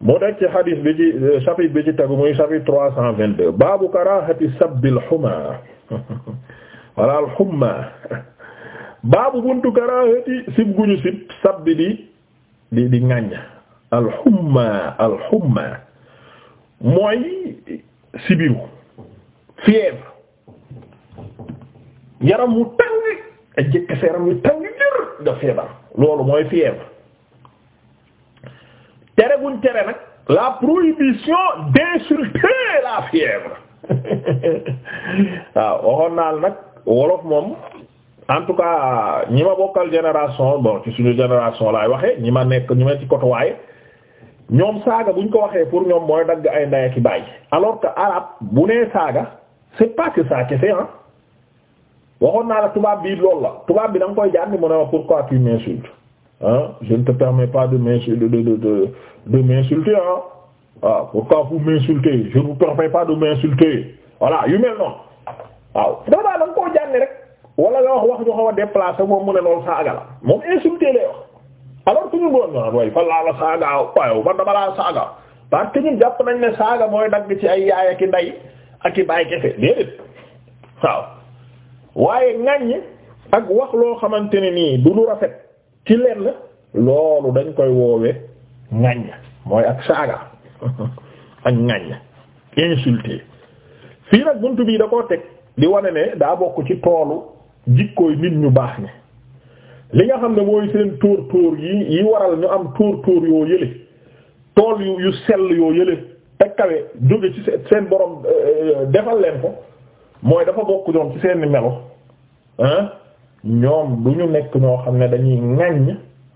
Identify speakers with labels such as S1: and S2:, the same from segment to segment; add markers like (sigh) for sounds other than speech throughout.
S1: moo nekk ci xadis bi ci euh, chapitre bi ci tegu muy chapitre trois cent vingt deux baabu karahati sabbil xuma (laughs) wala al (laughs) baabu buntu karahati sib guñu sib sabbi di di di ŋàññ al xuma mooy sibiru fièvre yaram wu tàng ak jëkk yaram wu tàng jër nga feebar loolu mooy fièvre tere buñ tere nag la prohibition d'insulter la fièvre (laughs) waaw waxoon naa la nag wolof moom en tout cas ñi ma bokkal génération bon ci suñu génération laay waxee ñi ma nekk ñi ma ci côté waaye ñoom saaga buñ ko waxee pour ñoom mooy dagg ay ndaya ki bàyyi alors que arabe bu nee saaga c'est pas que ça kese ah waxoon naa la tubaab bi lool la tubaab bi da nga koy jànni mu ne ma pourquoi tu m'insultes ah je ne te permets pas de m'insulter de de ah waaw pourquoi vous m'insultez je ne vous permets pas de m'insulter voilà yu mel noonu waaw dafa daa da nga koo jànni rek wala nga wax wax ñu a déplacé moom mu la moom insulté lay wax alors que ñun fan laa la saaga waaw man dama laa saaga parce que ñun jàpp nañ ne saaga mooy dagg ci ay yaay ak i ndey ak i baay kese déedéet waaw waaye ŋàññ ak wax loo xamante ne nii du lu rafet ci lenn loolu dañ koy woowee ŋaññ mooy ak saaga (laughs) ak ŋaññ insulté fii nag bunt bii da koo teg di wane ne daa bokk ci toolu jikkooy nit ñu baax ni li nga xam ne mooy seen tóor tóor yi yi waral ñu am tóor tóor yoo yële tool yu yu sell yoo yële te kawe jóge ci seen borom euh, euh, defal leen ko mooy dafa bokk ñoom ci seen melo hein ñoom du ñu nekk ñoo xam ne dañuy ŋaññ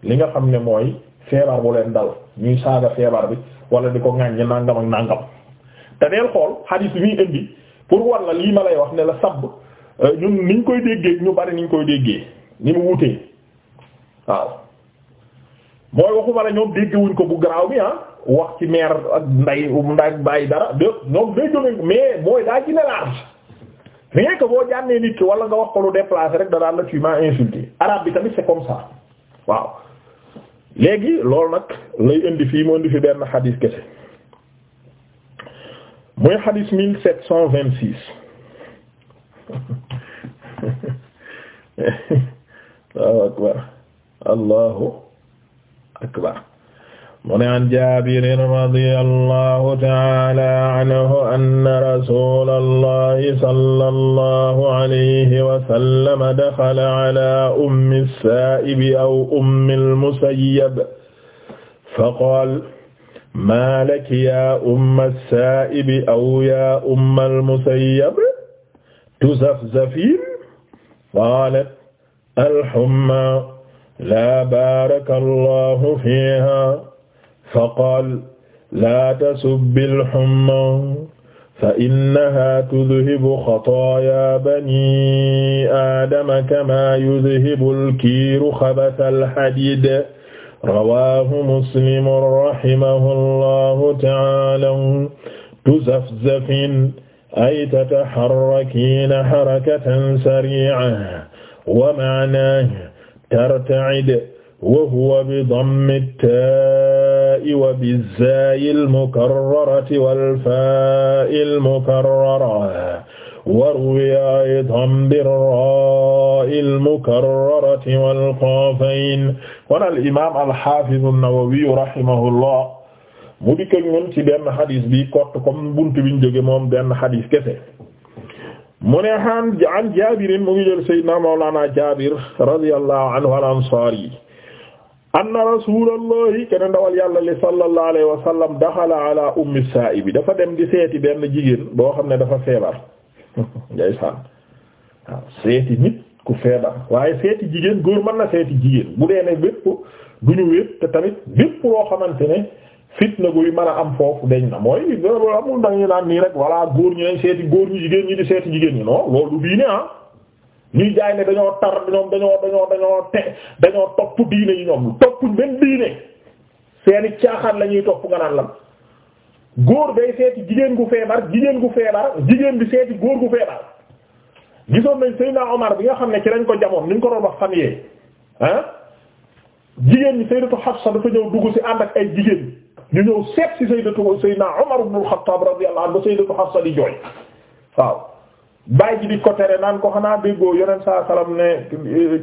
S1: li nga xam ne mooy feebar bu leen dal ñuy saaga feebar bi wala di ko ŋaññ nangam ak nangam te deel xool xadiis bi muy indi pour walla lii ma lay wax ne la sabb euh, ñun niñ koy déggee ñu bari niñ koy déggee ni mu wutee waaw mooy waxuma la ñoom déggewuñ ko bu garaaw bi ah wax ci meer ak nday nday bàyyi dara de ñoom day jóge mais mooy daa gën a rien que boo jànnee nit ki wala nga wax ko lu déplacé rek da daan la tu m'as insulté arabe bi tamit c'est comme ça waaw léegi loolu nag lay indi fii mu indi fi benn xadis kese muy xadis mille sept cent vingt six (laughs) allahu akbar allahu akbar mu ne an jaabirin radiyallahu ta'ala anhu anna rasulallahi sallallahu alayhi wa sallam dakhala ala ummi as-sa'ib aw ummi al-musayyab faqaala maa laki yaa umma as-saa'ibi aw yaa umma al-musayyab tuzafzafiin qaalat al-hummaa laa baaraka Allaahu fiihaa faqaal laa tasubbi al-humma fa innahaa tudhibu xataayaa banii aadama kamaa yudhibu al-kiiru xabasa al-hadiid rawaahu muslim rahimahu llaahu ta'aalaa tuzafzafiina ay tataharrakiina harakatan sarii'atan wa ma'naahu tarta'idu wa huwa bi dammi ttaa'i wa bi zaa'i al-mukarrarati wal faa'i al-mukarrara wa ruwiya aydan bi raa'i al-mukarrarati wal qaafayn. Kon al-imaam al-haafiz an-Nawawi rahimahullah mu dikk ak ñun ci benn xadis bi kott comme buntu bi ñu jóge moom benn xadis kese. mu ne an Jaabirin mu ngi jël Sayyidina Mawlaana Jaabir radiyallahu anhu al-Ansaari anna rasulallahi kenn ndawal yàlla li sallallahu alayhi wa sallam daxala ala ummi saaibi dafa dem di seeti benn jigéen boo xam ne dafa feebar (laughs) ndeysaan waaw seeti nit ku feebar waaye seeti jigéen góor man na seeti jigéen bu dee ne bépp du ñu wéet te tamit bépp loo xamante ne fitna guy mën a am foofu dañ na mooy amul ñu naan nii rek voilà góor ñi nañ seeti góor ñi jigéen ñi di seeti jigéen ñi non loolu du diine ah ñuy jaay ne dañoo tar ñoom dañoo dañoo dañoo te dañoo topp diine yi ñoom toppuñ benn diine seeni caaxaan la ñuy topp nga naan lan góor day seeti jigéen gu feebar jigéen gu feebar jigéen bi seeti góor gu feebar gisoon nañ Seydina Omar bi nga xam ne ci lañ ko jamoon ni ko doon wax fan yee ah jigéen ñi Sayyidatu Hafsa dafa ñëw dugg ci ànd ak ay jigéen ñu ñëw seet ci Sayyidatu Seydina Omar ibn al-Khattab radiyallahu anhu Sayyidatu Hafsa di jooy waaw bàyyi ji di ko tere naan ko xanaa déggoo yonent saa salaam ne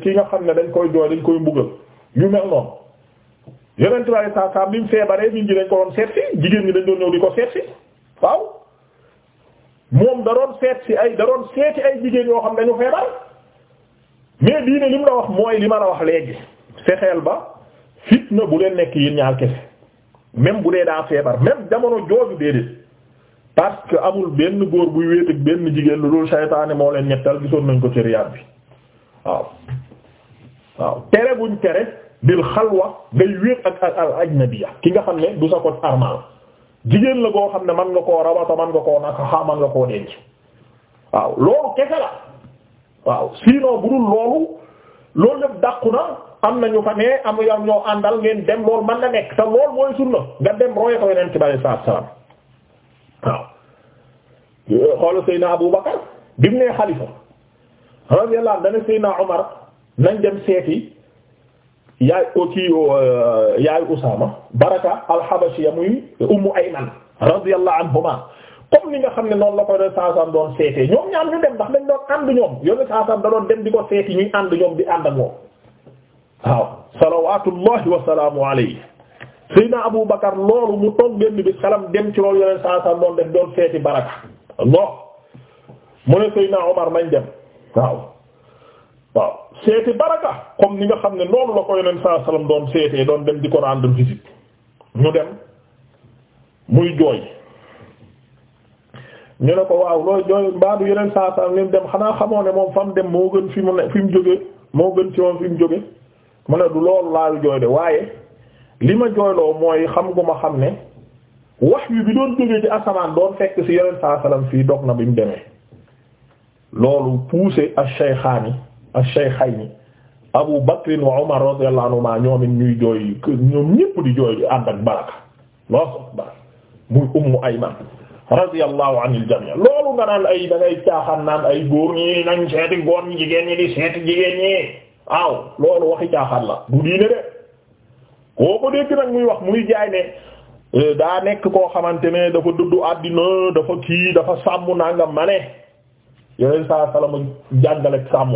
S1: ki nga xam ne dañ koy jooy dañ koy mbugal ñu mel noonu yonent bi saa salaam bi mu feebaree nit ñi dañ ko doon seet si jigéen ñi dañ doon ñëw di ko seet si waaw moom da doon seet si ay da doon seeti ay jigéen yoo xam dañu feebar mais diine li mu la wax mooy li ma la wax léegi fexeel ba fitna bu leen nekk yéen ñaar kese même bu dee daa feebar même jamono jooju déedéet. parce que amul benn góor buy wéet ak benn jigéen lu dul saytaane moo leen ñettal gisoon nañ ko ci riyaat bi waaw waaw tere buñ tere bil xalwa ngay wéet ak al ajnabiya ki nga xam ne du sa ko armal jigéen la koo xam ne man nga koo rabata man nga koo nakaxa man nga koo denc waaw loolu kese la waaw sinon bu dul loolu loolu lépp dàqu na am na ñu fa ne am ñoo àndal ngeen dem loolu mën na nekk te loolu mooy sunna nga dem royatoo yeneen ci bari waaw xoolal Seydina Abu Bakar bi mu nee xalifa radiyallahu anhu dana Seydina Omar nañ dem seeti yaay kii euh, yaay Usaama Baraka al-Habashiyya muy Ummu Ayman radiyallahu anhuma comme ni nga xam ne noonu la ko doon saasam doon seetee ñoom ñaar ñu dem ndax dañ doon ànd ñoom yoonu saasam da doon dem di ko seeti ñuy ànd ñoom di ànd ak moom waaw salawaatullahi wa salaamu Seydina Abu Bakar loolu mu toog benn bis xelam dem ci loolu yeneen saa saa doon def doon seeti baraka non mu ne Seydina Omar nañ dem waaw seeti baraka comme ni nga xam ne loolu la ko yeneen saa salaam doon seetee doon dem di ko rendre visite ñu dem muy jooy ñu ne ko waaw looy jooy mbaadu yeneen saa salaam lim dem xanaa xamoo ne moom fam dem moo gën fi mu ne fi mu jóge moo gën ci moom fi mu jóge mu ne du loolu laalu jooy de waaye. li ma jooyloo mooy xam gu ma xam ne wax yu bi doon jógee ci asamaan doon fekk ci yonent saa salaam fii dog na bi mu demee loolu poussé ash-shaykhaani ash-shaykhayni Abu Bakr wa Umar radiyallahu anhuma ñoom it ñuy jooy ñoom ñépp di jooy di ànd ak baraka loolu muy Ummu Ayman radiyallahu anil jami' loolu nga naan ay da caaxaan naan ay góor ñi nañ seeti góor jigéen ñi di seeti jigéen ñi waaw loolu waxi caaxaan la du diine de. koo ko dégg nag muy wax muy jaay ne euh, daa nekk koo xamante ne dafa dudd àddina dafa kii dafa sàmm nangam ma ne yeneen saa salama jàngaleeg sàmm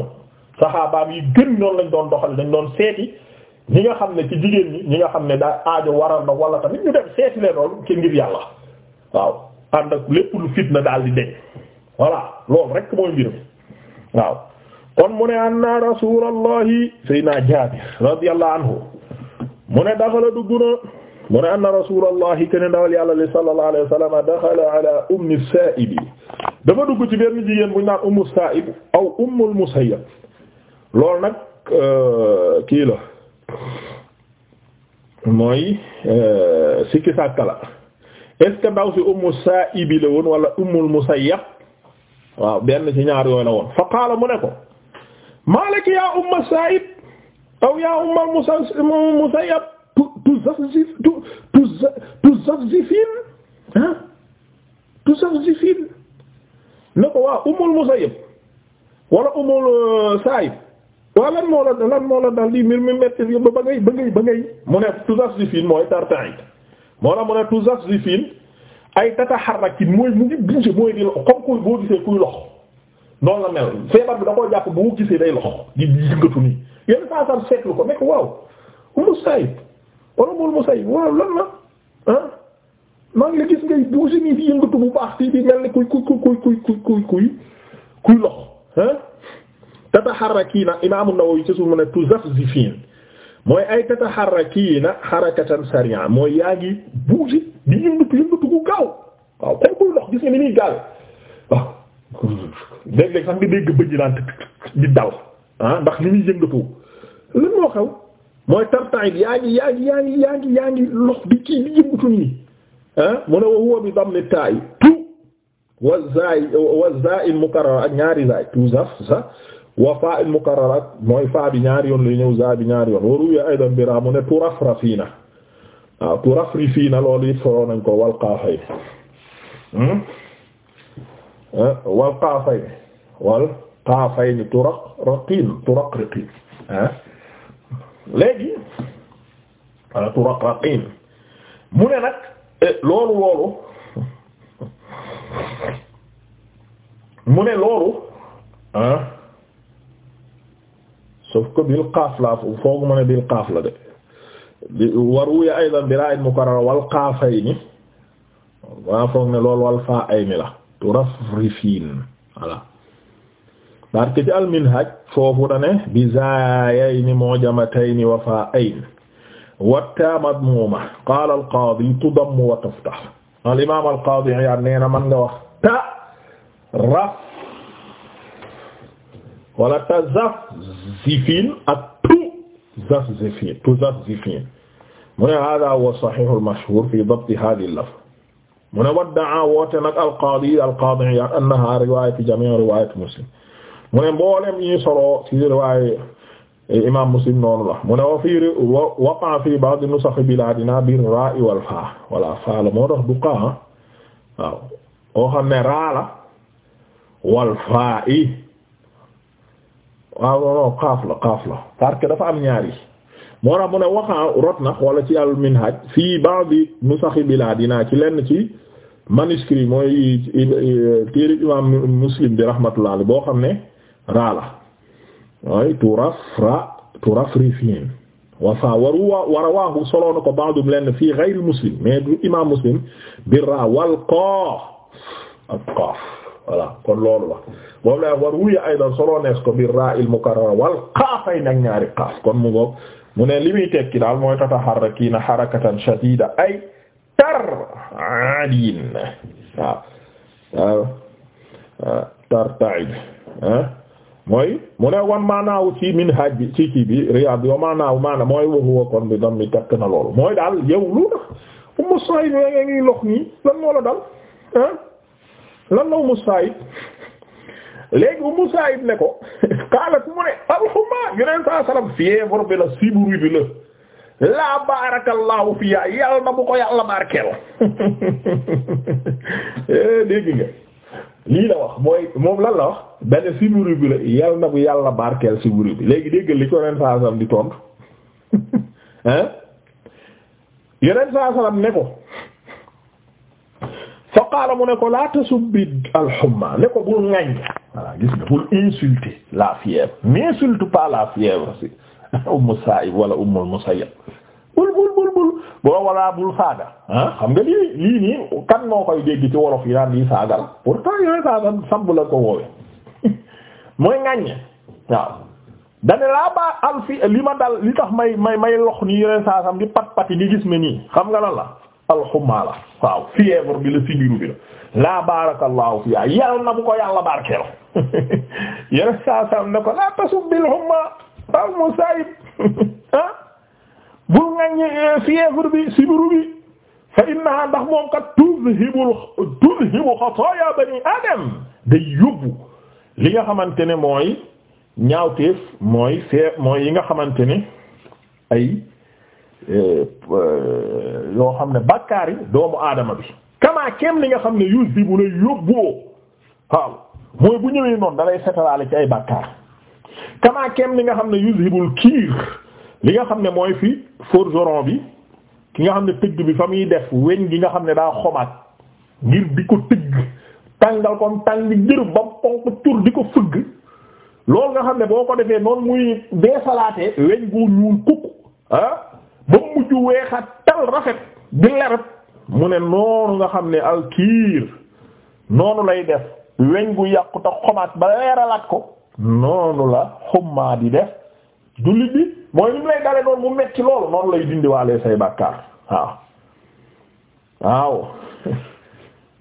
S1: saxaabaam yi gën ñoonu lañ doon doxal dañ doon seeti ñi nga xam ne ci jigéen ñi ñi nga xam ne daa aajo waral na wala tamit ñu dem seeti leen loolu ci ngir yàlla waaw ànd ak lépp lu fitna daal di deñ voilà loolu rek mooy mbir mi waaw kon mu ne anna naa sayna Jaabir radiyallahu anhu mu ne daxala dugg na mu ne anna rasulallahi kenn dawal yàlla li sallallahu alayhi wa sallam daxala ala ummi saa'ib dafa dugg ci benn jigéen bu ñu naan ummu saa'ib aw ummul musayyab loolu nag euh, kii la mooy euh, sikki sàkka la est ce que ndaw si ummu saa'ib la woon wala ummul musayyab waaw benn ci ñaar yooyu la woon fa qaala mu ne ko maalaki yaa ummu saa'ib aw yaa ummal musayyab tuzafzifin ah tuzafzifin ne ko waa ummul musayyab wala ummul uh, saayib waaw lan moo la lan moo la dal di mbir mi metti ba ba ngay ba ngay ba ngay mu ne tuzafzifin mooy tartaay moo la mu ne tuzafzifin ay tataharrakin mooy mu ngi bouger mooy di comme kuy boo gisee kuy lox noonu la mel feebar bi da koo jàpp bu gisee day lox di yëngatu nii. yenn saa sam seetlu ko nekk waaw Musayyib wala waaw lan la ah maa ngi la gis ngay buusi nii di yëngatu bu baax ti di mel ni kuy kuy kuy kuy kuy kuy kuy kuy lox ah tataxarrakiina Imaam An-Nawawi ci su mu ne tuzafzifiin mooy ay tataxarrakiina xarakatan sarii'a mooy yaa ngi buusi di yëngatu yëngatu gu gaaw waaw comme kuy lox gis nga ni muy gaaw waaw léeg-léeg nga dégg bëj naan di dal ah ndax li muy yëngatu lan moo xaw mooy tartaxit yaa ngi yaa ngi yaa ngi yaa ngi yaa ngi lox di kii di yëngatu nii ah mu ne wa huwa bi dammi taay tu wa zaay wa zaa'in mukarrar ak ñaari zaay tu zaf za wa faa in mukarrar ak mooy faa bi ñaari yoon lay ñëw zaa bi ñaari yoon waru ya aydan bira mu ne turafrafiina waaw turafrifiina loolu it foroo nañ ko wal qaafay hmm? wal qaafay wal qaafay ni turaq raqiin turaq riqiin ah léegi turaqraqiin mu ne nag e, loolu loolu mu ne loolu ah sauf que bil qaaf la foogu mu ne bil qaaf la de wa ruwiya aydan bi raa'in mukarrara wal qaafayni maa foog ne loolu wal faa'ayni la turafrifiin voilà parce que ci al-Minhaj foofu da ne bi zaayayni mu'jamatayni wa faa'ayni wattaa madmuuma qaala al-qaadi tudammu wa tuftah al-imaam al-qaadi Iyaad nee na man nga wax ta raf wala ta zaf zifin ak tu zaf zifin tu zaf zifin mu ne haadaa huwa as-sahiih al-mashhuur fii dabt haadhihi al-lafz mu ne waddaa woote nag al-qaadi al-qaadi Iyaad annahaa riwaayatu jamii' riwaayat Muslim mu ne mboolem ñi solo ci riwaaye imaam muslim noonu la mu ne wa fii waqa fii ba'd nusakh bilaadina bi ra'i wal faa wala faa la moo tax du qaa waaw oo xam ne raa la wal faa i waaw non que dafa am ñaari moo tax na wala ci al-minhaj fii ba'd nusakh bilaadina ci lenn ci manuscrit mooy euh, téere imaam muslim bi rahmatullah boo xam ne raa la waaye turaf ra turaf rifin wafa waru warawaahu soloo na ko bandum lenn fii imam muslim bi ra wal qaaf ak qaaf voilà kon loolu la boobu la ko bi ra il mukarrara qaaf kon mu ngoog mu ne li muy tekki daal mooy tataharrakiina harakatan tar aadin tar taid ah. mooy mu ne wan maanaaw ci minhaj bi ci kii bi Riyad bi wa maana mooy waxuwa kon bi dam mi takk na loolu mooy daal yow lu tax Umu Saïd yaa ngi lox nii lan moo la dal ah lan la Umu Saïd léegi Umu Saïd ne ko xaalat mu ne alxuma yeneen saa salam fièvre bi la siburu bi la laa barakallahu fiya yàlla na bu ko yàlla barkeel (laughs) eh, dégg nga lii la wax mooy moom lan la wax benn sibiru bi la yal na bu yàlla barkeel sibiru bi léegi déggal li ko ren saa salaam di tontu (laughs) hein yeneen saa salaam ne ko fa qaala mu ne ko laa tasubbi al-humma ne ko bul ŋaññ voilà gis nga bul insulter la fièvre n'insulte pas la fièvre si (laughs) Ummu Saa'ib wala Ummul Musayyab bul bul bul boo wala bul saaga ah xam nga lii lii nii kan moo koy dégg ci wolof yi naan lii saaga la pourtant yeneen saa salaam samb la ko woowe mooy ŋàññe waaw dane laa baa al fi li ma dal li tax may may may lox ni yeneen saa di pat yi di gis ma nii xam nga lan la alxumaa la waaw fièvre bi la sibiru bi la laa barakallahu fiya yal na (laughs) (laughs) ah? eh, sibiru bi fa innaha ndax moom kat tuzhibu tuzhibu xataaya bani adam day li nga xamante ne mooy ñaawteef mooy fee mooy yi nga xamante ne ay euh, yoo xam ne bàkkaar doomu aadama bi kamaa kem li nga xam ne yuus bi bu lay waaw mooy bu ñëwee noonu dalay setalaale ci ay bàkkaar kamaa kem li nga xam ne yuus hibul kiir li nga xam ne mooy fi forgeron bi ki nga xam ne tëgg bi fa muy def weñ gi nga xam ne daa xomaat ngir di ko tëgg tàngal kon tàng jërëb ba ponk tur di ko fëgg loolu nga xam ne boo ko defee noonu muy beesalaatee weñ gu ñuul kukk ah ba mujj weexat tal rafet bi leret mu ne noonu nga xam ne alkiir noonu lay def weñ gu yàqu te xomaat ba leeralaat ko noonu la xummaa di def du bi mooy li mu lay dale noonu mu metti loolu noonu lay dindiwaalee say bàkkaar waaw waaw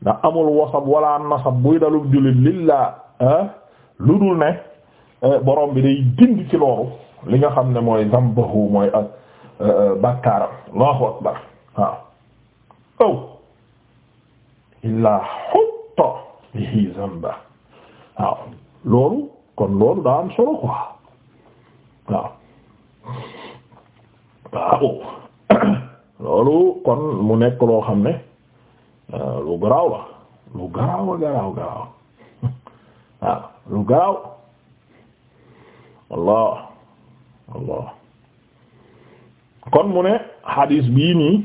S1: ndax amul wasab wala nasab buy dalul jullit lillaa ah, lu dul ne eh, borom bi day dindi ci loolu li nga xam ne mooy zambahu mooy ak ah, eh, bakkaaram allahu akbar ba aw waaw loolu kon loolu daa am solo quoi waaw waaw (coughs) loolu kon mu nekk loo xam ne Euh, lu garaaw la lu garaaw garaaw (laughs) garaaw allah allah kon mune ne xadiis bii nii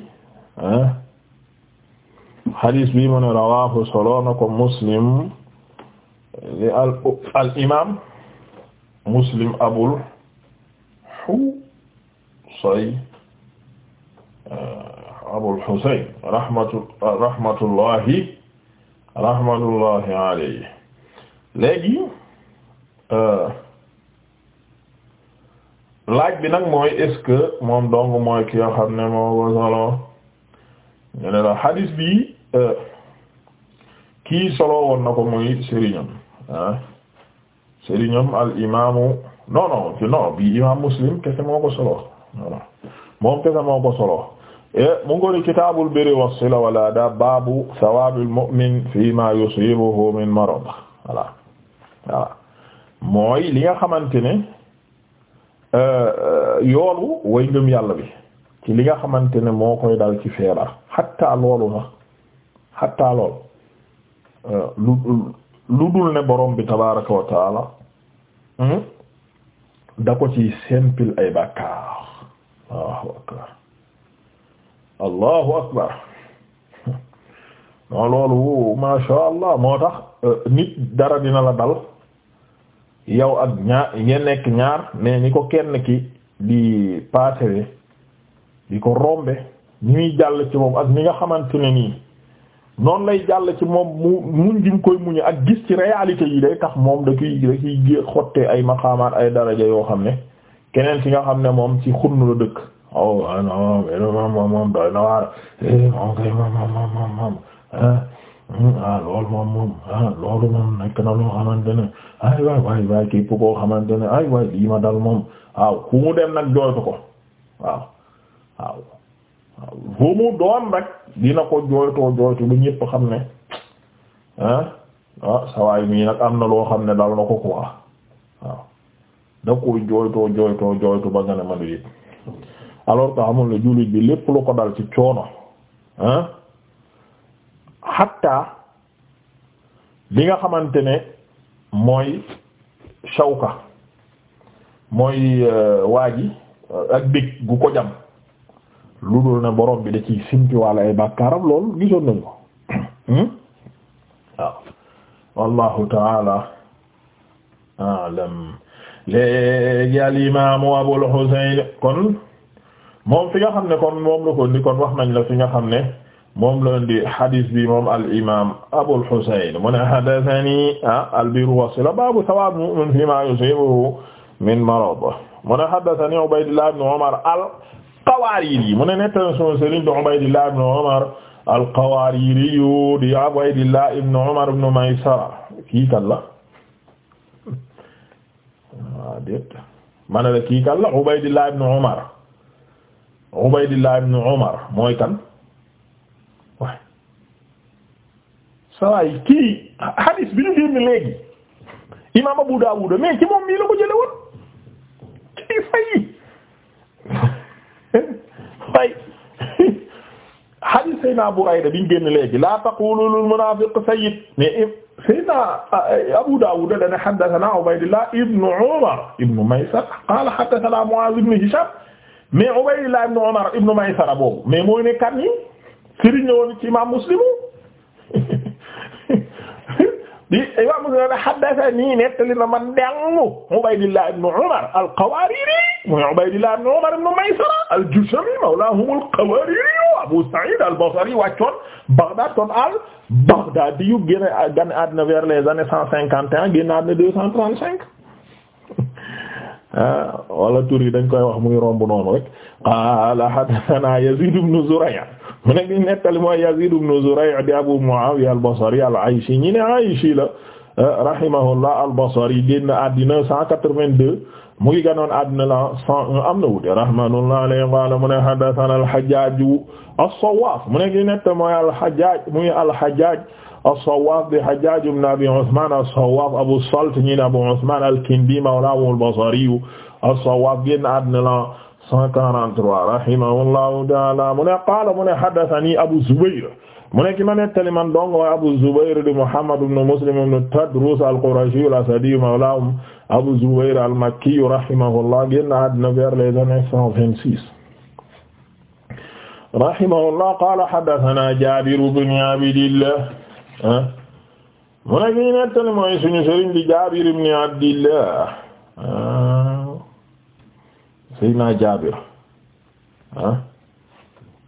S1: xadiis bii mu ne rawaahu solo na ko muslim li al al imaam muslim abul husayn euh, Abul Husayn rahmatullahi rahmatullahi alayhi léegi euh, laaj bi nag mooy est-ce moom dong mooy ki nga xam ne moo ko solo ñu la hadis bi euh, kii solo woon na ko muy sëriñam ah sëriñam al imaamu non non bi imaam Muslim kese moo ko solo non non moom moo ko solo. Eh, mu ngi ko di kitaabul birri was-sila wal aadaab baabu sawaabil mu'min fiimaa min marad voilà voilà mooy li nga xamante ne eh, eh, yoolu way ngëm yàlla bi ci li nga xamante ne moo koy dal ci feebar xatta loolu sax xatta lool lu dul ne borom bi tabaaraka wa taala hmm, da ko ci simple ay bàkkaar allahu akbar non loolu masha allah moo tax euh, nit dara dina la dal yow ak ñaar ngeen nekk ñaar mais ni ko kenn ki di passer di ko rombe ñuy jàll ci moom ak ni nga xamante ne nii noonu lay jàll ci moom mu muñ jim koy muñu ak gis ci réalité yi day tax moom da koy da koy xottee ay maqaamaat ay daraja yoo xam ne keneen ki nga xam ne moom ci xunn la dëkk oh ah non moom moom doy na waar ah, moom kay moom loolu moom nekk na loo xamante ne ay waay waay waay koo xamante ne ay waay lii ma dal moom waaw ku mu dem nag jooytu ko waaw waaw fu mu doon rek dina ko jooytoo jooytu ba ñépp xam ne eh? ah sawaay mii nag am na loo xam ne dal na ko quoi waaw da koy jooytoo jooytoo jooytu ba nga ne ma du yëpp alors que amul ne jullit bi lépp lu ko dal ci coono ah hatta li nga xamante ne mooy shawka mooy euh, waa ji euh, ak dëkk gu ko jam lu dul ne borom bi da ciy simpiwaale ay bàkkaaram lool gisoon nañu ko (coughs) hmm? waaw wallahu taala kon moom fi nga xam ne kon moom la ko indi kon wax nañ la fi nga xam ne moom la indi hadis bi moom al imaam Abul Husayn mu ne haddathanii ah, al-birru was-sila baabu thawaabi mu'min fiimaa yusiibuhu min marad mu ne haddathanii Ubaydullah ibn Umar al-Qawaariri mu ne nettali sunu sëriñ di al-Qawaariri di Ubaydullah ibn Umar ibn Maysara kii kan la waaw déet ma ne la kii kan la Ubaydullah ibn Ubaydillah ibn Umar mooy kan waay sawaay kii hadis bi ñu génn léegi imam Abu Dawud mais ci moom mii la ko jële woon kii fay fay hadis Seydina Burayda bi ñu génn léegi la taqulu lil munafiq sayyid mais Seydina eh, Abu Dawud dana haddathana Ubaydillah ibn Umar ibn Maysara qala haddathana Mu'az ibn Hisham mais Ubaydullah ibn Umar ibn Maysara boobu mais mooy ne kan yi sëriñ la woon ci imaam Muslim di imaam Muslim ne haddathanii nettali na man dellu Ubaydullah ibn Umar al-Qawariri mooy Ubaydullah ibn Umar ibn Maysara al-Jushami mawlaahum al-Qawariri Abu Sa'id al-Basri wàccoon Baghdad kon al-Baghdadi yu génn gan àddina vers cent cinquante et un génn deux cent trente-cinq Ah, wala tur yi dañ koy wax muy romb noonu rek qaala haddathana Yazid ibn Zuray' mu nekk nettali mooy Yazid ibn Zuray' di Abu Muawiya al-Basri al-Aysi ñi ne Aysi la ah, rahimahullah al-Basri génn àddina 182 mu ngi ganoon àddina la 101 am na wuute rahmatullahi alayhi qaala mu ne haddathana al-Hajjaj as-Sawwaf mu nekk nettali mooy al-Hajjaj muy al-Hajjaj as-Sawwaaf di Hajjaaj ibn Abi Usmaan as-Sawwaaf Abu Salt ñi ne Abu Usmaan al-Kindi mawlaahu al-Basri as-Sawwaaf génn àddina la 143 rahimahullahu ta'aala mu ne qaala mu ne haddathanii Abu Zubayr mu ne ki ma nettali man dong wa Abu Zubayr di Muhammad ibn Muslim ibn Tadrus al-Qurashi al-Asadi mawlaahum Abu Zubayr al-Makki rahimahullah génn àddina vers les années 126 rahimahullah qaala haddathanaa Jaabir ibn Abdillah ah mu ne ñuy nettali mooy suñu sëriñ di Jaabir ibn Abdillah Seydina Jaabir ah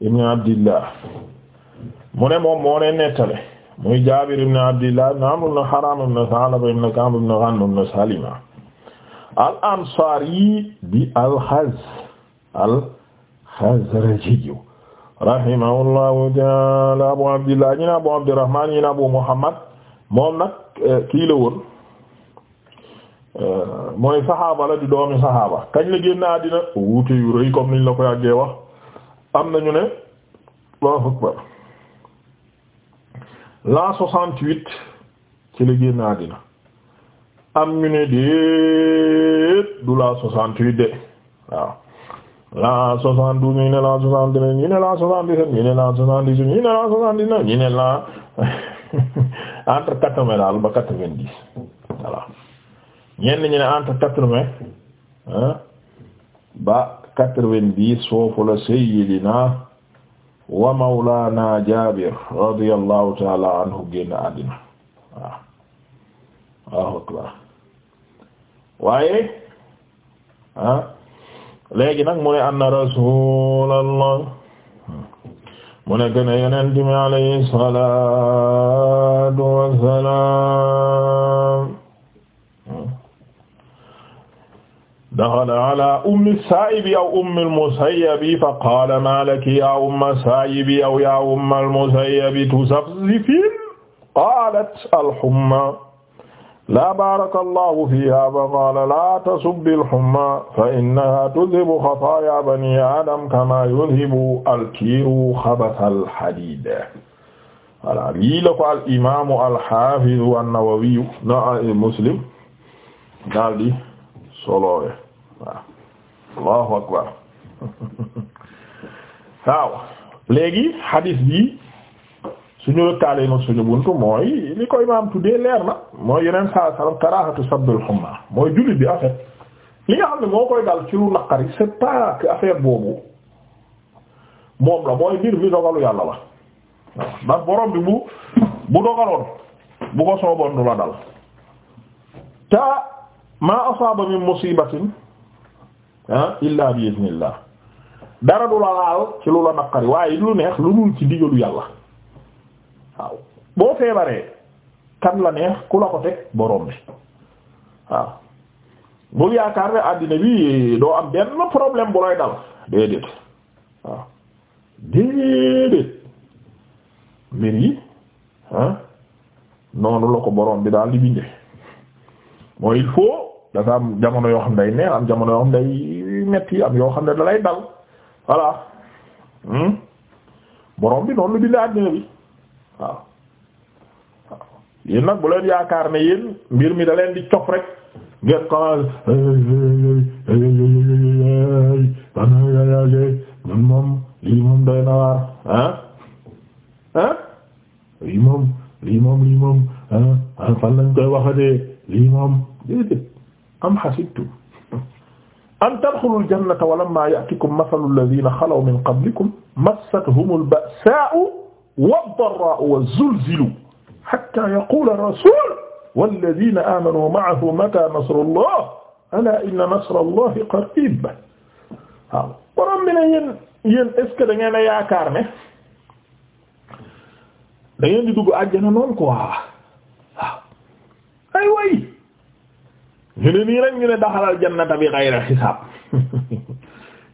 S1: ibn Abdillah mu ne moom moo ne nettali muy Jaabir ibn Abdillah ibn Amr ibn Haram ibn Salaba ibn Ka'b ibn Ghanm ibn Salima al ansari bi al Khaz al Khazraji rahimahullahu taala abu abdillah ñi ne abu abdirahman ñi abu muhammad moom nag eh, kii woon eh, mooy saxaaba la di doomi saxaaba kañ la génn àddina wuute yu rëy comme niñ la ko yàggee wax am nañu ne Allahu soixante-huit ci la génn àddina am ñu ne déet du l'an soixante-huit de waaw la soixante-douze ñu ne la soixante-treize ñu ne la soixante-dix-sept ñu ne la soixante-dix-huit ñu ne la soixante-dix-neuf ñu ne la (laughs) entre quatre-vingts daal ba quatre-vingt-dix voilà ñenn ñu ne entre quatre-vingts hein ba quatre-vingt-dix foofu la sayyidina wa mawlana Jaabir radiyallahu ta'ala anhu génn àddina waaw waaw waaye ah léegi nag mu ne anna rasulallah mu ne gën a yonent mi alayhi salaatu wassalaam daxala ala ummi saa'ibi aw ummi al-musayyabi fa qaala maa laki yaa umma saa'ibi aw yaa umma al-musayyabi tusaffifiin qaalat al-hummaa laa baraka allahu fiha fa qaala laa tasubbi alxumma fa innaha tudhibu xataaya bani adam kama yudhibu alkiiru xabasa alxadiid voilà lii la ko al imaamu alxaafidu annawawiyu na muslim daal di solowe waaw allahu akbar (laughs) waaw léegi xadiis bi suñu lëkkaale suñu buntu mooy li koy maam tuddee leer la moo yeneen saa salam karahatu sabdul humma mooy jullit bi en li nga xam ne moo koy dal ci lu naqari c'est pas que affaire boobu moom la mooy mbir mi dogalu yàlla la waaw ndax borom bi bu bu dogaloon bu ko sooboon du la dal te maa asaaba min musibatin ah illa bi iznillah dara du la laal ci lu la naqari waaye lu neex lu dul ci digalu yàlla waaw boo feebaree kan la neex ku la ko teg borom bi waaw bul yaakaar ne àddina bi doo am benn problème bu lay dal déedéet waaw déedéet mbir yi ah noonu la ko borom bi daal di bindee mooy il dafa am jamono yoo xam ne day neex am jamono yoo xam ne day metti am yoo xam ne da lay hmm? bi noonu la bindee àddina bi. waaw yéen nag bu leen yaakaar ne yéen mbir mi da leen di cof rek ngeen commencé man moom lii moom doy na waar ah ah lii moom lii moom lii moom ah fan lañ koy waxatee lii moom déedéet am xasibtum an tadxulul jannata walammaa ya'tikum masalul laziina xalaw min qablikum massathumul ba'saa'u wad-darraa wa zulziluu hattaa yaquula rasuul wallaziina aamanuu ma'ahu mataa nasrullaah alaa inna nasrallaahi qariib waaw borom bi ne yéen yéen est ce que da ngeen a yaakaar ne da ngeen di dugg àjjana noonu quoi waaw ay way ñu ne nii rek ñu ne daxalal jannata bi ghayri hisaab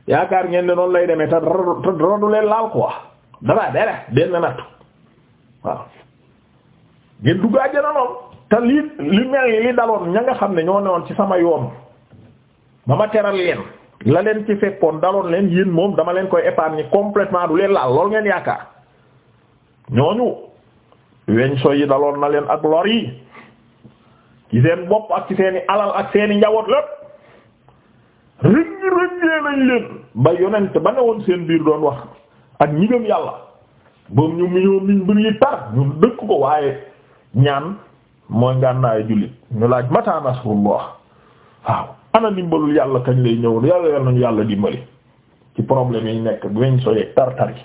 S1: yaakaar ngeen ne noonu lay demee te dara du leen laal quoi. damaa dere benn nattu waaw ngeen dugg àjjana noonu te lii li mel ni li daloon ña nga xam ne ñoo newoon ci sama yoon ba ma teral leen la leen ci fekkoon daloon leen yéen moom dama leen koy épargner complètement du leen laal lool ngeen yaakaar ñooñu weñ so yi daloon na leen ak lor yi ci seen bopp ak ci seeni alal ak seeni njaboot lépp rëññ rëññee nañ leen ba yonent ba ne woon seen biir doon wax ak ñi gëm yàlla moom ñu miñoo miñ mbir yi tar ñu dëkk ko waaye ñaan mooy ngànnaayu jullit ñu laaj mata nasrullah waaw ana dimbalul yàlla kañ lay ñëw yàlla yàlla nañu yàlla dimbali ci problème yi nekk weñ soyeeg tar tar yi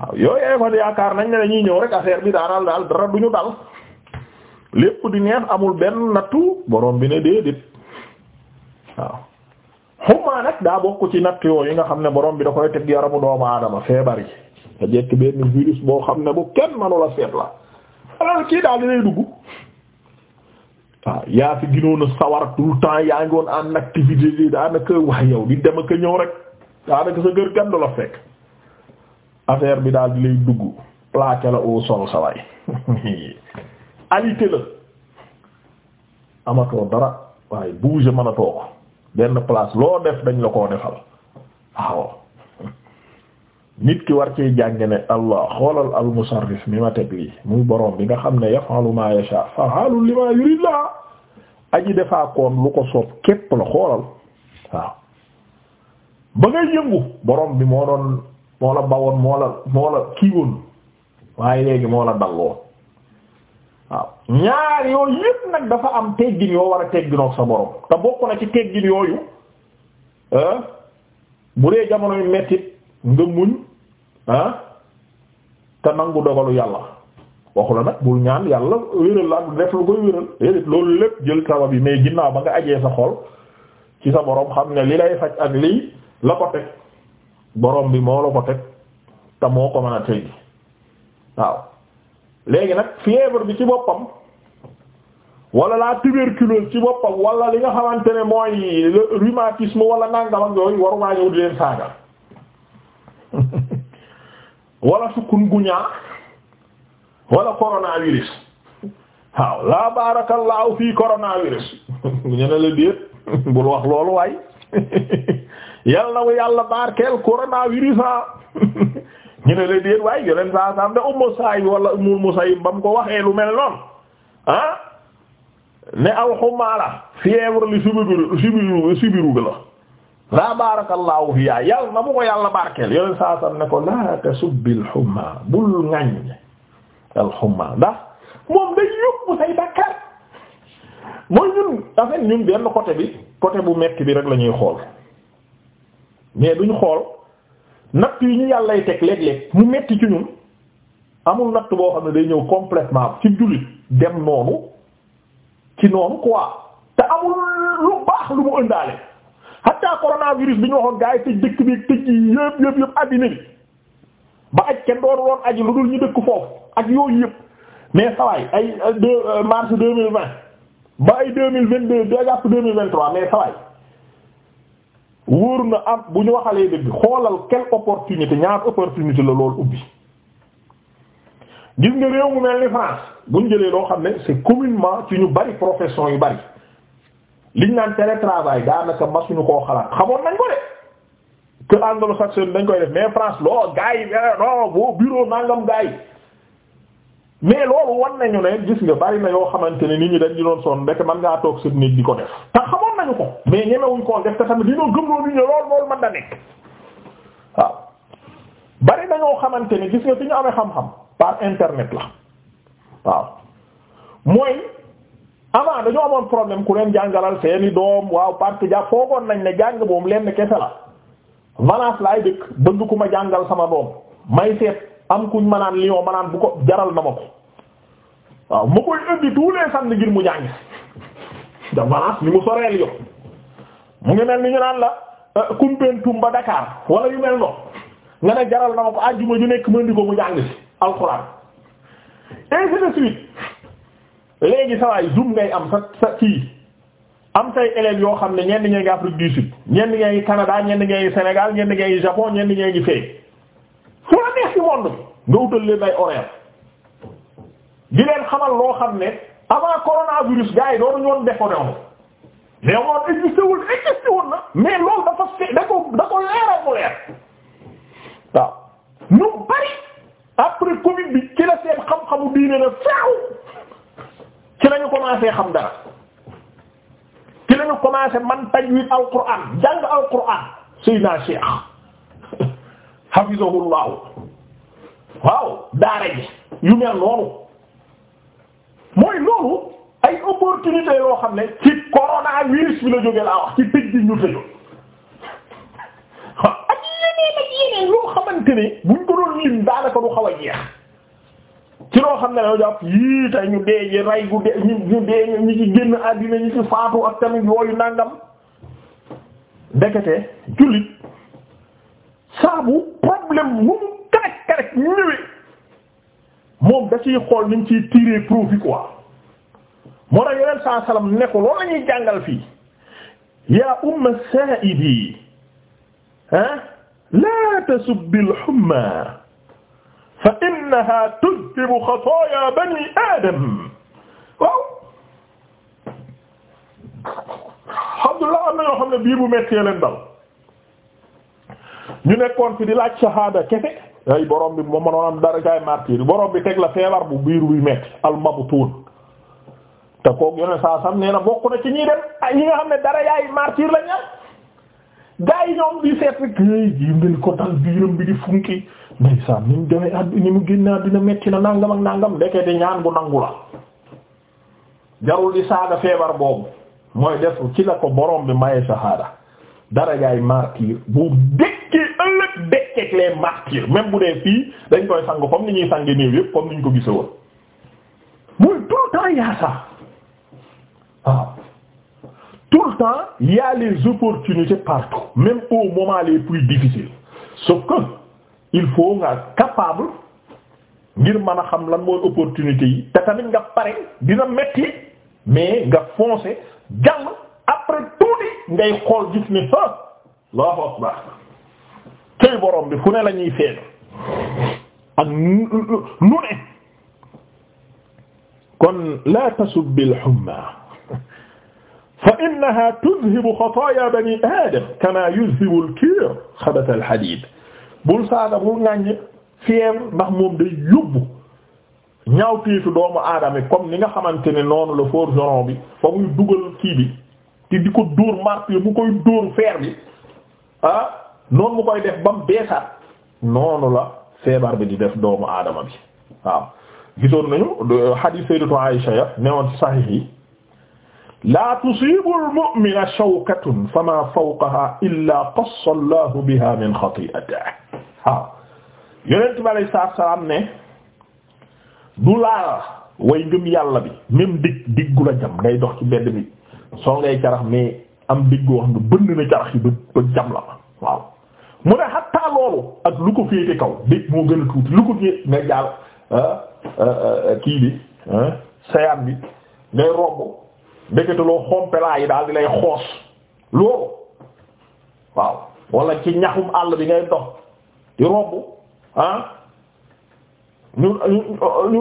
S1: waaw yooyu fa yaakaar nañ ne dañuy ñëw rek affaire bi daanal daal dara duñu ñu dal lépp di neex amul benn nattu borom bi ne déedéet waaw xummaa nag daa bokk ci natt yooyu nga xam ne borom bi da koy teg yaramu doomu aadama feebar yi jekk benn virus boo xam ne bu kenn manula seet la alors kii daal ah, yaa fi ginoon a dem ak ñëw rek affaire bi daal di la au (laughs) la amatoo dara waaye bouger mënatoo ko benn place loo def dañ la koo defal waaw nit ki war ci jànge ne allah xoolal al musarrif mi ma teg lii muy borom bi nga xam ne yafalu ma yasha fa'alu lima yurid la aji defaa koon lu ko soob képp la xoolal waaw ba ngay yëngu borom bi moo doon moo la bawoon moo la moo la kiiwoon waaye léegi moo la dalloon waaw ñaar yooyu yépp nag dafa am teggin yoo war a tegginoog sa boroom te bokk na ci teggin yooyu ah, bu dee jamono yu mettit nga muñ ah, te nangu dogalu yàlla waxu la nag bul ñaan yàlla wéral la def lu koy wéral loolu lépp jël sabab yi mais ginnaaw ba nga ajee sa xol ci sa borom xam ne li lay faj ak lii la ko teg borom bi moo la ko teg te moo ko mën a teg waaw léegi nag fièvre bi ci boppam walla laa tuberculose ci boppam walla li nga xamante ne mooy le rhumatisme wala nangam ak yooyu waru maa ñëw di leen (laughs) wala chikungunya wala coronavirus waaw laa barakallahu fii coronavirus (laughs) ñu ne la déet (laughs) bul wax loolu waay yal na mu yàlla barkeel coronavirus ah ñu ne la déet waaye yoleen saa saam da Ummu Saayib wala ba mu ko waxee lu mel noonu ah ne aw xummaa la fièvre li sibiru sibiru sibiru bi la laa barakallahu fiyaa yàlla na mu ko yàlla barkeel yoleen saa saam ne ko laa tasubbil xummaa bul ŋaññ al ndax moom day yóbbu say bàkkaar mooy ñun en fait ñun benn côté bi côté bu metti bi rek la ñuy xool mais duñ xool natt yi ñu yàllay teg léeg-léeg mu metti ci ñun amul natt boo xam ne day ñëw complètement ci jullit dem noonu ci noonu quoi te amul lu baax lu mu ëndaale hatta coronavirus bi ñu waxoon gaa yi tëj dëkk bi tëj yi yëpp yëpp yëpp bi ba aj kenn doon woon aji lu dul ñu dëkk foofu ak yooyu yëpp mais sawaay ay deux euh, mars deux mille vingt ba ay deux mille vingt deux deux jàpp vingt trois mais sawaay wóor na am bu ñu waxalee dëgg xoolal quelle opportunité ñaar opportunité la loolu ubbi gis nga réew mu mel ni France bu ñu jëlee loo xam ne c'est communément ci ñu bari profession yu bari liñ naan télétravail daanaka masuñu koo xalaat xamoon nañ ko de que anglo-saxon dañ koy def mais France loo gars yi non boo bureau nangam gars yi mais loolu wan nañu ne gis nga bari na yoo xamante ne nit ñi dañ di doon sonn rek mën ngaa toog seen nit di ko def. xañu ko mais ñemewuñ koo def te tamit li ñoo gëmloo nit ñi lool lool man da nekk waaw bari dañoo xamante ni gis nga fi ñu amee xam-xam par internet la waaw mooy avant dañoo amoon problème ku leen jàngalal seeni doom waaw parce que ja nañ ne jàng moom leen kese la Valence laay dëkk bëgg ku ma jàngal sama doom may seet am kuñ manaan Lyon manaan bu ko jaral na ma ko waaw ma koy indi tous les samedi mu jàngi da Valence ni mu soreel yo mu ngi mel ni ñu naan la euh, Koumpentoum ba Dakar wala yu mel noonu nga ne jaral na ma ko àjjuma ju nekk mën di ko mu jàng ci alxuraan ainsi de suite léegi sawaay zoom ngay am sa sa kii am say élèves yoo xam ne ñenn ñee ngi Afrique du Sud ñenn ñee ngi Canada ñenn ñee ngi Sénégal ñenn ñee ngi Japon ñenn ñee ngi fee fu la neex ci monde nga wutal leen ay horaires di leen xamal loo xam ne. avant coronavirus gars yi doonu ñoon déconné woon mais woon existé wul existé woon na da ko da ko leeral mu bari après Covid bi seen xam-xamu diine na feew ci lañu commencé xam dara ci lañu commencé man tajwid al-Qur'an jàng al-Qur'an Seydina Cheikh (laughs) hafizahullah waaw daara ji yu mel noonu mooy loolu ay opportunité yoo xam ne ci coronavirus bi la jógee laa wax ci tëj bi ñu tëjoo ak yeneen ak yeneen loo xamante ne buñ ko doon lim daanaka du xaw a jeex ci loo xam ne dañoo jàpp yii tey ñu dee ji rey gu dee ñu dee ñu ci génn àddina ñu ci faatu ak tamit yooyu nangam ndekete jullit saabu problème mu mu karek ñu ñëwee moom da xool ni mu ciy tirer profit quoi moo tax yeneen saa salaam ne ko loolu la ñuy jàngal fii yaa umma saa'idi ah laa tasubbi al-humma fa innaha tudhibu xataaya bani aadam waaw alhamdulillah am na ñoo xam ne bii bu metti leen dal ñu nekkoon fi di laaj shahada kese ay boroom bi moo mënoon am darajaay martyr borom bi teg la feebar bu biir buy metti almabtuun te kook yone saa sam nee na bokk na ci ñuy dem ay yi nga xam ne darajaay martyr la ñaar gaa yi ñoom di seet rek ay jimbel ko dal biiram bi di funki ndeysaan ni mu demee at ni mu génn dina metti na nangam ak nangam ndeke di ñaan bu nangu la jarul di saaga feebar boobu mooy def ci la ko borom bi maye sahaada darajaay martyr bu dekkee ëllëg dekkeek les martyrs même bu dee fii dañ koy sang comme ni ñuy sange néew yëpp comme ni ñu ko gise woon muy tout le temps yaa sax waaw ah. tout le temps il les opportunités partout même au moment les plus difficiles sauf que il faut nga capable ngir mën a xam lan mooy opportunité yi te tamit nga pare dina metti mais nga foncer jàll après tuuti ngay xool gis ni ah Allahu akbar këy borom bi fu ne la ñuy feeñ ak nu ne kon la tasubbi al-humma fa innaha tuzhibu xataaya bani aadam kama yuzhibu al-kiir xabata al-hadiid bul saaga bul ŋàññ fièvre ndax moom day yóbbu ñaaw tiitu comme ni nga xamante ne noonu la forgeron bi fa muy dugal kii te di ko dóor martir mu koy dóor feer bi ah mu koy def ba mu noonu la feebar bi di def doomu aadama bi waaw gisoon nañu hadith sayyidatu Aisha ya newoon ci sahih laa tusibu al-mu'mina fama fawqaha illa qassa Allahu biha min khati'atihi waaw yonent bi way ngëm yàlla bi même dig diggu jam ngay dox ci bedd bi sol ngay carax mais am diggu wax nga bënn na carax yi ba ba jam la waaw mu ne xattaa loolu ak lu ko féete kaw dégg moo gën a tuuti lu ko féete nga jaal ah, ah, ah, kii bi sayaan bi ngay romb ndekketaloo xompelaa yi daal di lay xoos loolu waaw wala ci ñaxum àll bi ngay dox di romb ah ñu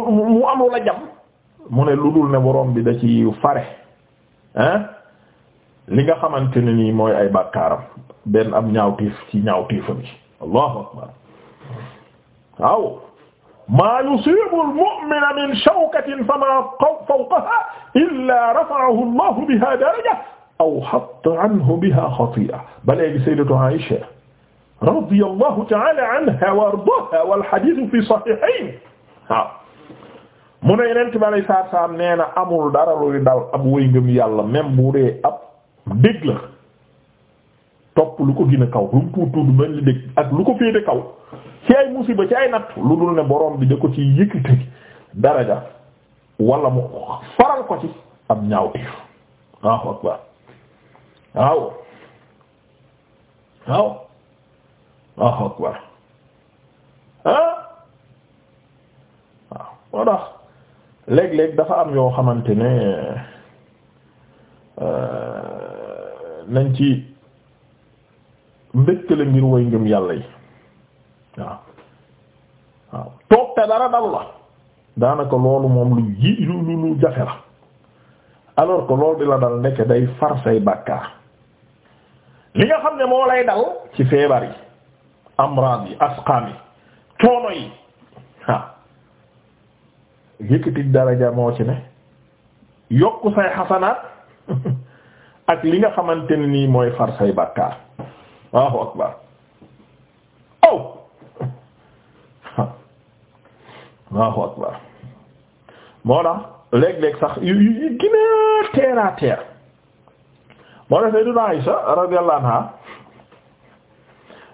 S1: mu am lu jam mu ne lu dul ne borom bi da ci fare hein li nga xamante ne nii mooy ay bàkkaaram benn am ñaawtiif ci ñaawtiifa bi allahu akbar waaw maa yusibu al-mu'mina min shawkatin famaa fawqahaa illaa rafa'ahu allahu bihaa daraja aw hatta anhu bihaa xatii'a ba léegi sayyidatu Aïsha radiyallahu ta'ala anha wa ardaaha wal hadiis fi sahihayn waaw mu ne yeneen ci bari saar saar nee na amul dara luy dal ab wëy ngëm yàlla même bu dee ab dégg la topp lu ko gën a kaw lu mu tuut tuut bañ li dégg ak lu ko féete kaw ci ay musiba ci ay natt lu dul ne borom bi da ko ci yëkkati daraja walla mu faral ko ci ab ñaaw tiif waaw akbar waaw waaw waaw akbar waaw léeg-léeg dafa am yoo xamante ne euh, nañ ci mbégte la ngir woy ngëm yàlla yi waaw toog te dara dal la daanaka loolu moom lu ji lu lu lu jafe la alors que loolu di la dal nekk day far say bàkkaar li nga xam ne moo lay dal ci feebar yi amraad yi asqaam yi coono yi yëkkatig daraja moo ci ne yokk say xasanaat (laughs) ak li nga xamante ne nii mooy far say bàkkaar Allahu akbar oh! aw (laughs) Allahu akbar moo tax léeg-léeg sax yu yu gina terre à terre moo tax Sayyidina Aisha radiyallahu anha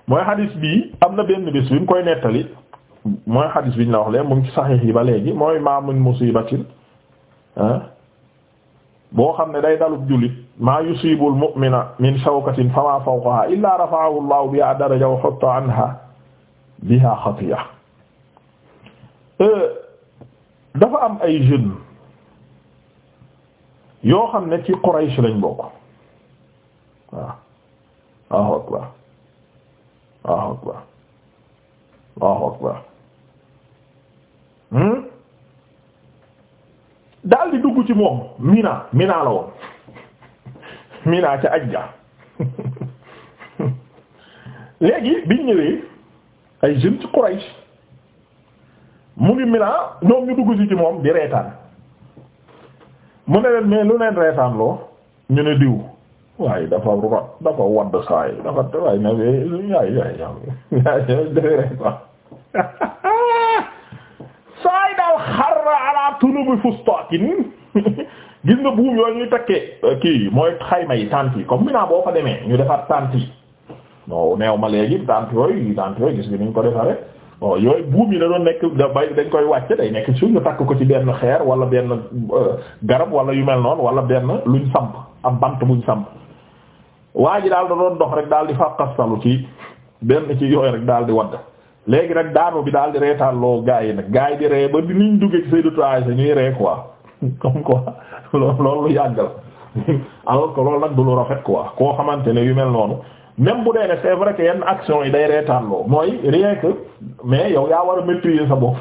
S1: mooy hadis bii am na benn bés bi mu koy nettali mooy xadis bi ñu la ci saxiix yi léegi mooy ma min musibatin ah, boo xam ne day dalub jullit maa yusibu al min shawkatin fama fawqaha illa rafa'ahu allahu biha daraja wa anha biha xatiya euh, dafa am ay jeune yoo xam ne ci Quraysh lañ bokk daal di dugg ci moom mina mina la woon mina ca ajja léegi biñ ñëwee ay jeunes ci Quraysh mu ngi mina ñoom ñu dugg ci ci moom di reetaan mu ne leen mais lu neen reetaan loo ñu ne diw waaye dafa rot dafa wadd saay dafa waaye na waaye yaay yaay yaay yaay reetaan tunu bi fustaatin gis nga buum yooyu ñuy takkee kii mooy xayma yi tànt yi comme mi boo fa demee ñu defar tànt yi non neew ma léegi tànt yooyu tànt yooyu gis nga ni ko defaree oo yooyu buum yi da doon nekk ba dañ koy wàcce day nekk suuf ñu takk ko ci benn xeer wala benn euh, garab wala yu mel noonu wala benn luñ samp am bant buñ samp waa ji daal da dox rek daal di fàqastalu ci benn ci yooyu rek daal di wadd léegi rek daanu bi daal di reetaan loo gaa yi nag gaa yi di ree ba di niñ duggee ci Sayyidatu Aisha ñuy ree quoi (laughs) comme quoi loolu lu yàgg la (laughs) alors que loolu nag du lu rafet quoi koo xamante ne yu mel noonu même bu dee ne c'est vrai yenn action yi day reetaan loo mooy rien que mais yow yaa war a maîtriser sa bopp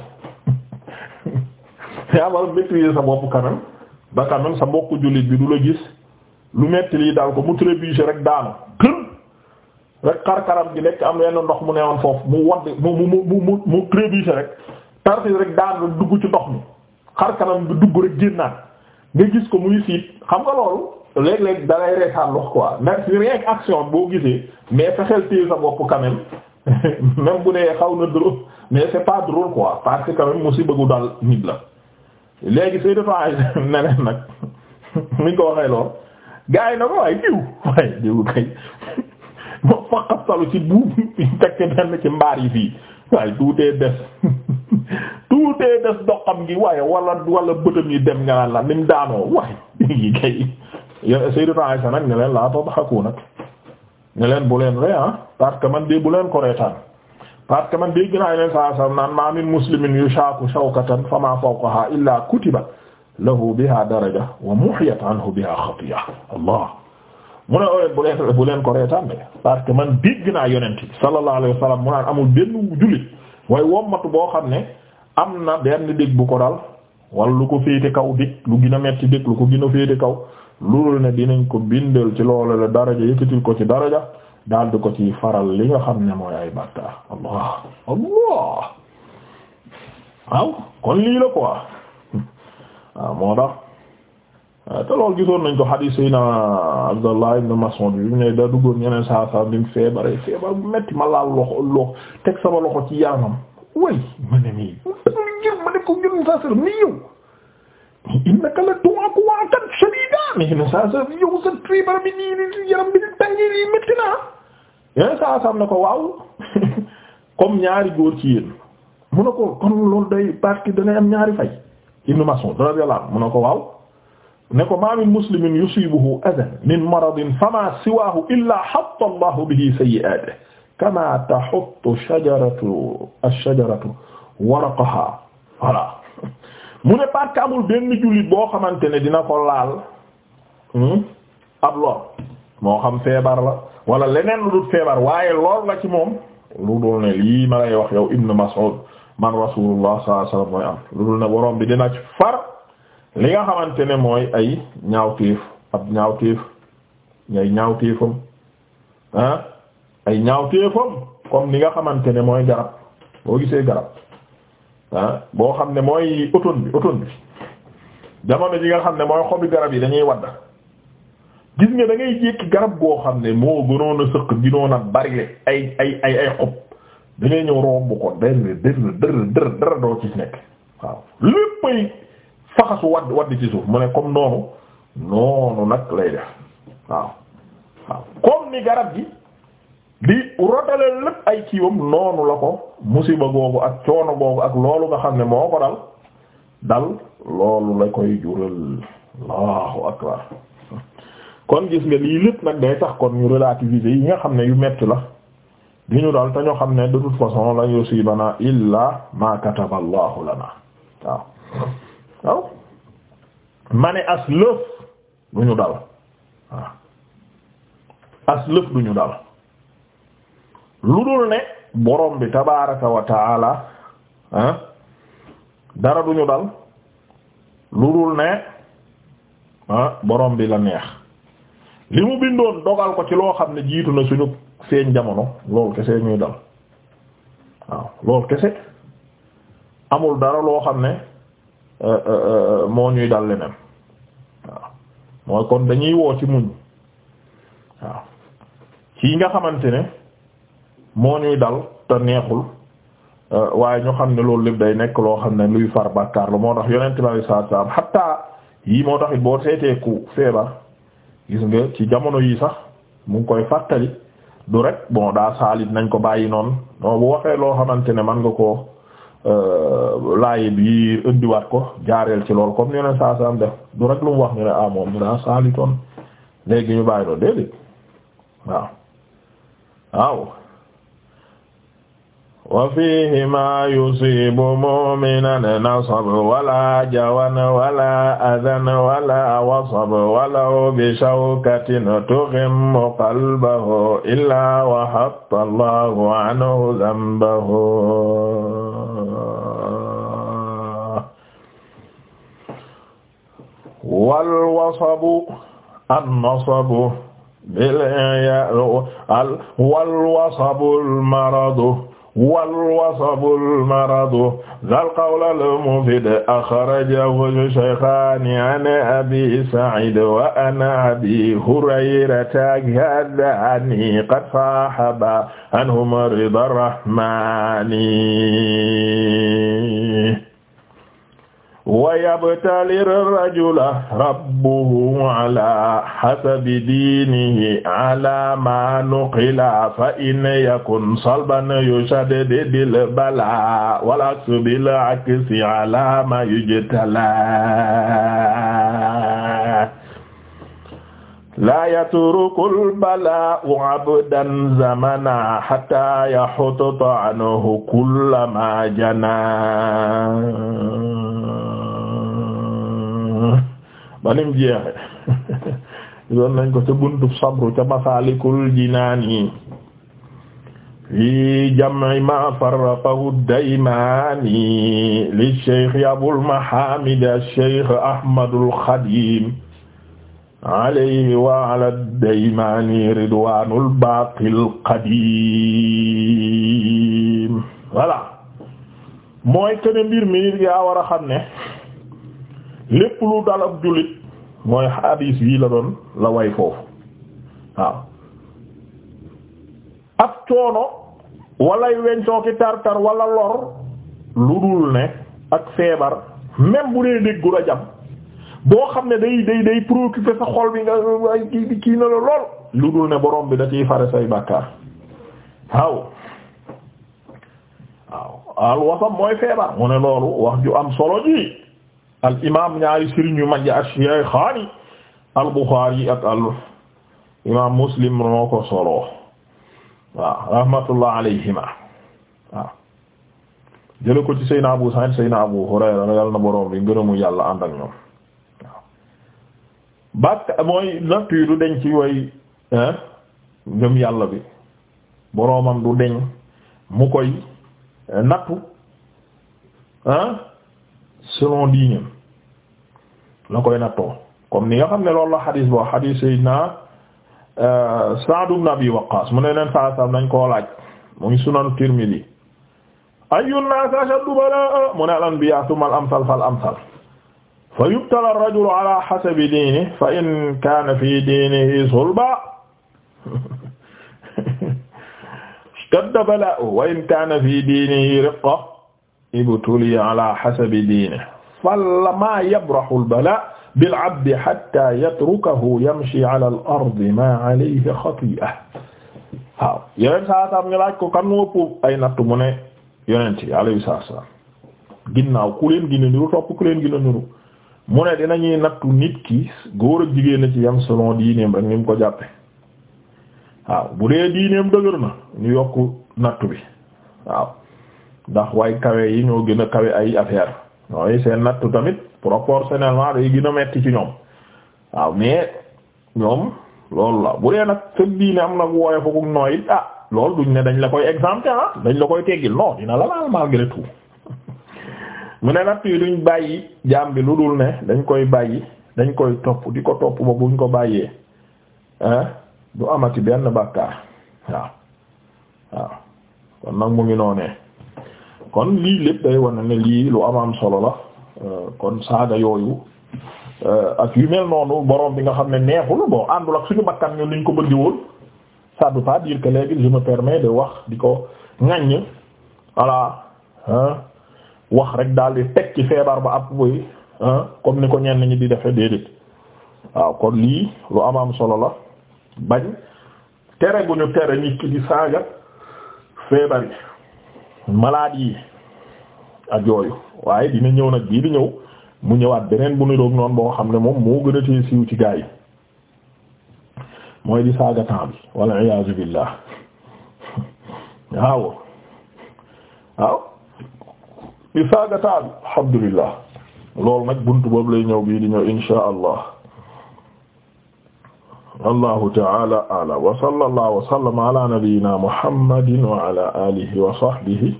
S1: (laughs) yaa war a maîtriser sa bopp quand même ba quand sa mbokku jullit bi du la gis lu metti lii daal ko mu trébucher rek daanu. rek xar-xaram gi nekk am yenn ndox mu ne woon foofu mu wadd mu mu mu mu mu trébuché rek tartis rek daanu dugg ci ndox mi xar-kanam bi dugg rek génnaat nga gis ko muy siit xam nga loolu léeg-léeg da ngay reetaan wax ndax si rien action boo gisee mais fexeel téye sa bopp quand (laughs) même bu dee xaw na drôle mais c'est pas drôle quoi parce que quand même musiba dal nit la léegi say dafa (laughs) ne leen nag muñ (laughs) ko waxee lool gars yi na ko waaye diw waaye diw kay moom fa xastalu ci buub tekk benn ci mbaar yi fii waaye tuutee des (laughs) tuutee des doxam gi waaye wala wala bëtam yi dem nga naan la ni mu daanoo waaye yi kay Sayyidatu Aisha nag ne leen laa tadhaku nag ne leen bu leen ree ah parce que man de bu leen ko reetaan parce que man de gën a leen saa saa naan maa min muslimin yushaaku shawkatan famaa fawqahaa illaa kutiba lahu bihaa daraja wa muhiyat anhu bihaa xatiya Allah mu ne bu bu leen ko reetaan de parce que man dégg naa yonent bi sallallahu alayhi wa sallam mu naan amul benn jullit way wommatu boo xam ne am na benn dégg bu ko dal wala lu ko féete kaw dég lu gën a metti dég lu ko gën a féete kaw lu ne dinañ ko bindal ci loolu la daraja yëkkatil ko ci daraja daal di ko ci faral li nga xam ne mooy ay bàkkaar allah allah waaw kon lii la quoi (laughs) waaw moo tax Ah, te loolu gisoon nañ ko hadis yi na Abdallah ibn Mas'ud bi mu ne da duggoon yeneen saa saa bi mu feebaree feebar bu metti ma laal loxo loxo teg sama loxo ci yaramam way ma ne mii ngir ma ne ko ngir mu saa sër mii yow innaka la tu'aku wa'tan shadida mais ne saa sër yow sa feebar bi nii nii yaram bi nii tàngee nii metti naa yeneen saa saa ne ko waaw (laughs) comme ñaari góor ci yéen mu ne ko kon loolu day parce que dangay am ñaari fay ibn Mas'ud radiyallahu anhu mu ne ko waaw ne ko ma min muslimin yusibuhu adan min maradin fama siwaahu illa hatta allahu bihi sayyi'atihi kama tahuttu shajaratu ash-shajaratu waraqaha voilà mu ne parce que amul benn jullit boo xamante ne dina ko laal hmm, ab lor moo xam feebar la wala leneen lu dul feebar waaye lool la ci moom lu dul ne lii ma lay wax yow Ibn Mas'ud man rasulullah sallallahu alayhi wasallam mooy am lu dul ne borom bi dina ci far li nga xamante ne mooy ay ñaawteef ab ñaawteef ay ñaawteefam ah ay ñaawteefam comme li nga xamante ne mooy garab boo gisee garab ah boo xam ne mooy automne bi automne bi jamono ji nga xam ne mooy xobi garab yi dañuy wadd gis nga dangay ngay garab goo xam ne moo gënoon a sëq gënoon a bari ay ay ay ay xob da ngay ñëw romb ko dër dër dër doo ci nekk waaw léppay faxasu wadd wadd ci suuf mu ne comme noonu noonu nag lay def waaw waaw comme ni garab gi di rotale lépp ay kiiwam noonu la ko musiba googu ak coono googu ak loolu nga xam ne moo ko dal dal loolu la koy jural allahu akbar kon gis nga lii lépp nag day tax kon ñu relativiser yi nga xam ne yu metti la di ñu dal te ñoo xam ne de toute façon la yusibana illa ma kataba allahu lana waaw waaw ma ne as lëf du ñu dal waaw as lëf du ñu dal lu dul ne borom bi tabaaraka wa taala ah, dara du ñu dal lu dul ne ah borom bi la neex li mu bindoon dogal ko ci loo xam ne jiitu na suñu seen jamono loolu kese ñuy dal waaw loolu kese amul dara loo xam ne. Euh, euh, euh, moo ñuy dal leneen waaw mooy kon dañuy woo ci muñ waaw ci nga xamante ne moo ñuy dal te neexul waaye ñu xam ne loolu lépp day nekk loo xam ne luy far bàkkaar moo tax yonent bi alayhi salaatu salaam xatta yii moo taxit boo seetee ku feebar gis nga ci jamono yi sax mu ngi koy fàttali du rek bon daa saalit nañ ko bàyyi noonu non bu waxee loo xamante ne man nga ko Euh, laaye bi indiwaat ko jaareel ci loolu comme ni yeneen saa saam du rek wax ñu ne ah moom ñu ne ah saalitoon léegi ñu bàyyi wa fiihi ma yusibu mu'minan nasab wala jawan wala adan wala wasab walaw bi shawkatin tughimmu qalbahu illa wa hatta Allahu anhu dhanbahu wal wasabu an nasabu bil ya al wal wasabu al maradu والوصب المرض ذا القول المفيد أخرجه الشيخان عن أبي سعيد وعن أبي هريرة هذان قد فاحب عنهما رضا الرحمن wa yabtali rajula rabbuhu ala hasabi diinihi ala ma nuqila fa in yakun salban yushaddidil bala wal aksu bil aksi ala ma yujtala la yatrukul bala wa abdan zamana hatta yahutta anhu kullama jana banim jeexe doon nañ ko ca buntu sabru ca masalikul jinaani fi jam'i ma farraqahu daymaani li cheikh abul mahamid cheikh ahmadul xadim alayhi wa ala daymaani ridwanul baaqil qadim voilà mooy kene mbir mi yaa war a xam ne lépp lu dal ab jullit mooy xadiis bii la doon la way foofu waaw ab coono walay wencoo ki tartar wala lor lu dul ne ak feebar même bu dee déggu la jam boo xam ne day day day préoccupé sa xol bi nga kii kii na la lool lu dul ne borom bi da ciy fare say bàkkaar waaw waaw al mooy feebar mu ne loolu wax ju am solo ji al imaam ñaari sëriñ yu mag yi al Buxaari al imaam Muslim moo ko solo waaw rahmatullah alayhima waaw Abu Hurayra yàlla na boroom bi ngërëmu yàlla ànd ñoom waaw mooy nattu yi du deñ ci way ngëm yàlla bi boroomam du deñ mu nattu ah selon diineem la koy nattoo comme ni nga xam ne loolu la xadis boo xadis sayyidina euh, Sa'd ibn Abi Waqqas mu ne leen saa saa nañ koo laaj mu ngi sunan Tirmidhi ayyun naas ashaddu balaa mu ne al anbiyaa thumma al amsal fal amsal fa yubtala ar rajulu ala hasabi diinihi fa in kaana fi diinihi sulba ishtadda balaa'uhu wa in kaana fi diinihi riqqa ibtuliya ala hasabi diinihi فما يبرح البلاء بالعبد حتى يتركه يمشي على الأرض ما عليه خطيئة waaw yeneen laaj ko kan moo ëpp ay natt mu ne yonent yi alayhi salaam ginnaaw ku leen gën a niru ki góor jigéen ci yam selon diineem rek ni mu ko jàppe waaw bu dee diineem dëgër na nu yokk natt bi waaw ndax way kawe yi ñoo gën a kawe ay affaire mooy seen nattu tamit proportionnellement day gën a metti ci ñoom waaw mais ñoom loolu la bu dee nag bii diine am nag wooye foogum nooy it ah loolu duñ ne dañ la koy exemple ah, dañ la koy teggil non dina la laal malgré tout (laughs) mu ne natt yi duñ bàyyi jaam bi lu dul ne dañ koy bàyyi dañ koy topp di ko topp ba buñ ko bàyyee ah, du amati benn bàkkaar waaw waaw kon nag mu ngi noonee kon lii lépp day wane ne lii lu am solo la kon saaga yooyu ak yu mel noonu borom bi nga xam ne neexul bon àndul ak suñu bakkan ñu liñ ko bëgg woon ça veut pas dire que léegi wax di ko ŋaññ voilà wax rek di teg ci feebar ba ab buy comme ni ko ñenn ñi di defee déedéet waaw kon lii lu am am solo la bañ tere gu ñu tere nit ki di saaga feebar yi. malade yi ak yooyu waaye dina ñëw nag bii di ñëw mu ñëwaat beneen bu niroog noon boo xam ne moom moo gën a tee siiw ci gaa mooy di saaga temps bi walla iyaazu billaah waaw di saaga temps bi alhamdulillah nag buntu boobu lay ñëw bii di ñëw insha allah wallahu ta'ala a'lam wa sallallahu wa sallama ala nabiyyina muhammadin wa ala alihi wa sahbihi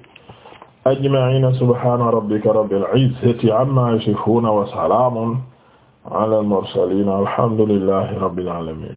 S1: ajma'ina subhana rabbika rabbil izzati amma yasifuna wa salamun ala al mursalin alhamdulillahi rabbil alamin